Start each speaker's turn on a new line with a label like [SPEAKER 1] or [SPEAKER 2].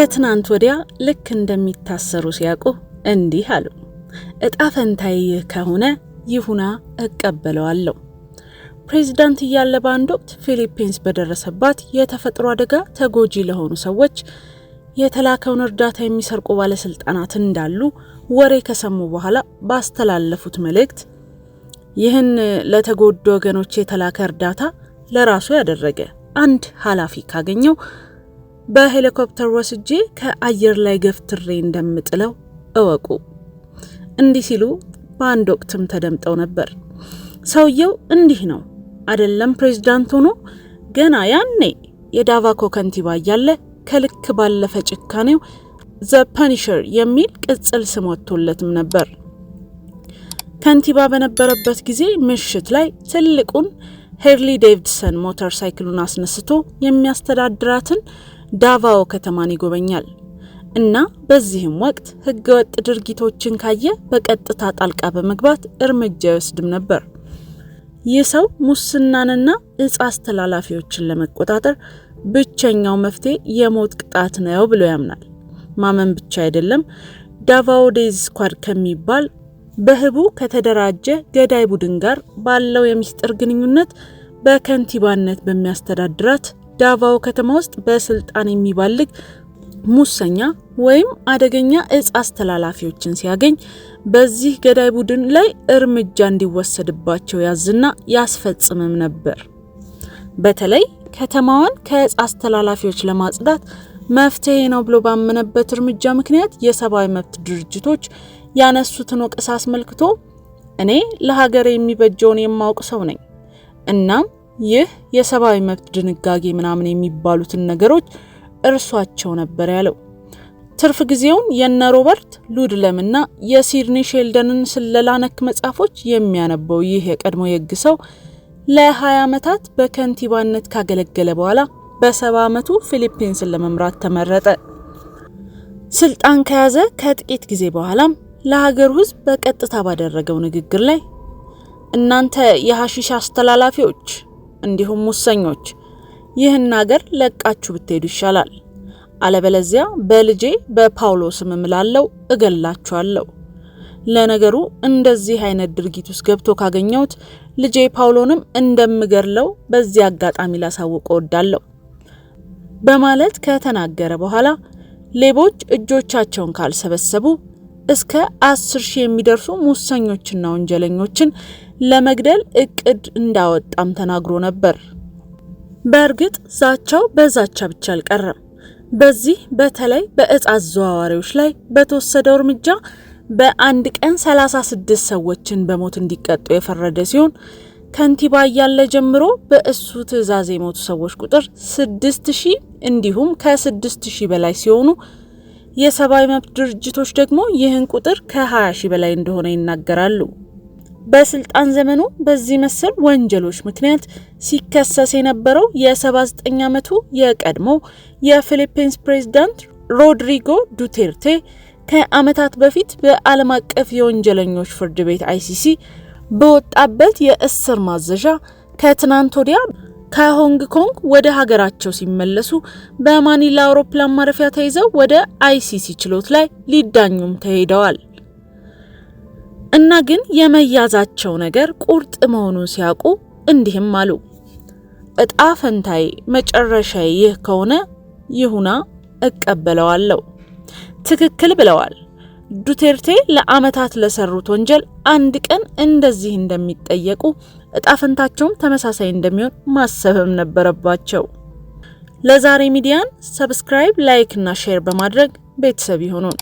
[SPEAKER 1] ከትናንት ወዲያ ልክ እንደሚታሰሩ ሲያውቁ እንዲህ አሉ፣ እጣ ፈንታዬ ይህ ከሆነ ይሁና እቀበለዋለሁ። ፕሬዚዳንት እያለ በአንድ ወቅት ፊሊፒንስ በደረሰባት የተፈጥሮ አደጋ ተጎጂ ለሆኑ ሰዎች የተላከውን እርዳታ የሚሰርቁ ባለስልጣናት እንዳሉ ወሬ ከሰሙ በኋላ ባስተላለፉት መልእክት ይህን ለተጎዱ ወገኖች የተላከ እርዳታ ለራሱ ያደረገ አንድ ኃላፊ ካገኘው በሄሊኮፕተር ወስጄ ከአየር ላይ ገፍትሬ እንደምጥለው እወቁ። እንዲህ ሲሉ በአንድ ወቅትም ተደምጠው ነበር። ሰውየው እንዲህ ነው አደለም ፕሬዚዳንት ሆኖ ገና ያኔ የዳቫኮ ከንቲባ እያለ ከልክ ባለፈ ጭካኔው ዘ ፐኒሸር የሚል ቅጽል ስም ወጥቶለትም ነበር። ከንቲባ በነበረበት ጊዜ ምሽት ላይ ትልቁን ሄርሊ ዴቪድሰን ሞተር ሳይክሉን አስነስቶ የሚያስተዳድራትን ዳቫኦ ከተማን ይጎበኛል እና በዚህም ወቅት ህገወጥ ድርጊቶችን ካየ በቀጥታ ጣልቃ በመግባት እርምጃ ይወስድም ነበር። ይህ ሰው ሙስናንና እጽ አስተላላፊዎችን ለመቆጣጠር ብቸኛው መፍትሄ የሞት ቅጣት ነው ብሎ ያምናል። ማመን ብቻ አይደለም፣ ዳቫኦ ዴዝ ስኳድ ከሚባል በህቡ ከተደራጀ ገዳይ ቡድን ጋር ባለው የሚስጥር ግንኙነት በከንቲባነት በሚያስተዳድራት ዳቫው ከተማ ውስጥ በስልጣን የሚባልግ ሙሰኛ ወይም አደገኛ እጽ አስተላላፊዎችን ሲያገኝ በዚህ ገዳይ ቡድን ላይ እርምጃ እንዲወሰድባቸው ያዝና ያስፈጽምም ነበር። በተለይ ከተማዋን ከእጽ አስተላላፊዎች ለማጽዳት መፍትሄ ነው ብሎ ባመነበት እርምጃ ምክንያት የሰብአዊ መብት ድርጅቶች ያነሱትን ወቀሳ አስመልክቶ እኔ ለሀገር የሚበጀውን የማውቅ ሰው ነኝ እናም ይህ የሰብአዊ መብት ድንጋጌ ምናምን የሚባሉትን ነገሮች እርሷቸው ነበር ያለው። ትርፍ ጊዜውን የነ ሮበርት ሉድለም እና የሲድኒ ሼልደንን ስለላ ነክ መጽሐፎች የሚያነበው ይህ የቀድሞ የህግ ሰው ለ20 ዓመታት በከንቲባነት ካገለገለ በኋላ በሰባ ዓመቱ ፊሊፒንስን ለመምራት ተመረጠ። ስልጣን ከያዘ ከጥቂት ጊዜ በኋላም ለሀገሩ ህዝብ በቀጥታ ባደረገው ንግግር ላይ እናንተ የሐሺሽ አስተላላፊዎች እንዲሁም ሙሰኞች ይህን አገር ለቃችሁ ብትሄዱ ይሻላል፣ አለበለዚያ በልጄ በጳውሎስም እምላለሁ እገላችኋለሁ። ለነገሩ እንደዚህ አይነት ድርጊት ውስጥ ገብቶ ካገኘሁት ልጄ ጳውሎንም እንደምገድለው በዚህ አጋጣሚ ላሳውቅ እወዳለሁ በማለት ከተናገረ በኋላ ሌቦች እጆቻቸውን ካልሰበሰቡ እስከ አስር ሺህ የሚደርሱ ሙሰኞችና ወንጀለኞችን ለመግደል እቅድ እንዳወጣም ተናግሮ ነበር። በእርግጥ ዛቻው በዛቻ ብቻ አልቀረም። በዚህ በተለይ በእጽ አዘዋዋሪዎች ላይ በተወሰደው እርምጃ በአንድ ቀን 36 ሰዎችን በሞት እንዲቀጡ የፈረደ ሲሆን ከንቲባ እያለ ጀምሮ በእሱ ትዕዛዝ የሞቱ ሰዎች ቁጥር 6000 እንዲሁም ከ6000 በላይ ሲሆኑ የሰብአዊ መብት ድርጅቶች ደግሞ ይህን ቁጥር ከ20 ሺ በላይ እንደሆነ ይናገራሉ። በስልጣን ዘመኑ በዚህ መሰል ወንጀሎች ምክንያት ሲከሰስ የነበረው የ79 ዓመቱ የቀድሞ የፊሊፒንስ ፕሬዝዳንት ሮድሪጎ ዱቴርቴ ከዓመታት በፊት በዓለም አቀፍ የወንጀለኞች ፍርድ ቤት አይሲሲ በወጣበት የእስር ማዘዣ ከትናንት ወዲያ ከሆንግ ኮንግ ወደ ሀገራቸው ሲመለሱ በማኒላ አውሮፕላን ማረፊያ ተይዘው ወደ አይሲሲ ችሎት ላይ ሊዳኙም ተሄደዋል። እና ግን የመያዛቸው ነገር ቁርጥ መሆኑን ሲያውቁ እንዲህም አሉ፣ እጣ ፈንታዬ መጨረሻዬ ይህ ከሆነ ይሁና እቀበለዋለሁ። ትክክል ብለዋል። ዱቴርቴ ለአመታት ለሰሩት ወንጀል አንድ ቀን እንደዚህ እንደሚጠየቁ እጣ ፈንታቸውም ተመሳሳይ እንደሚሆን ማሰብም ነበረባቸው። ለዛሬ ሚዲያን ሰብስክራይብ፣ ላይክ እና ሼር በማድረግ ቤተሰብ ይሆኑን።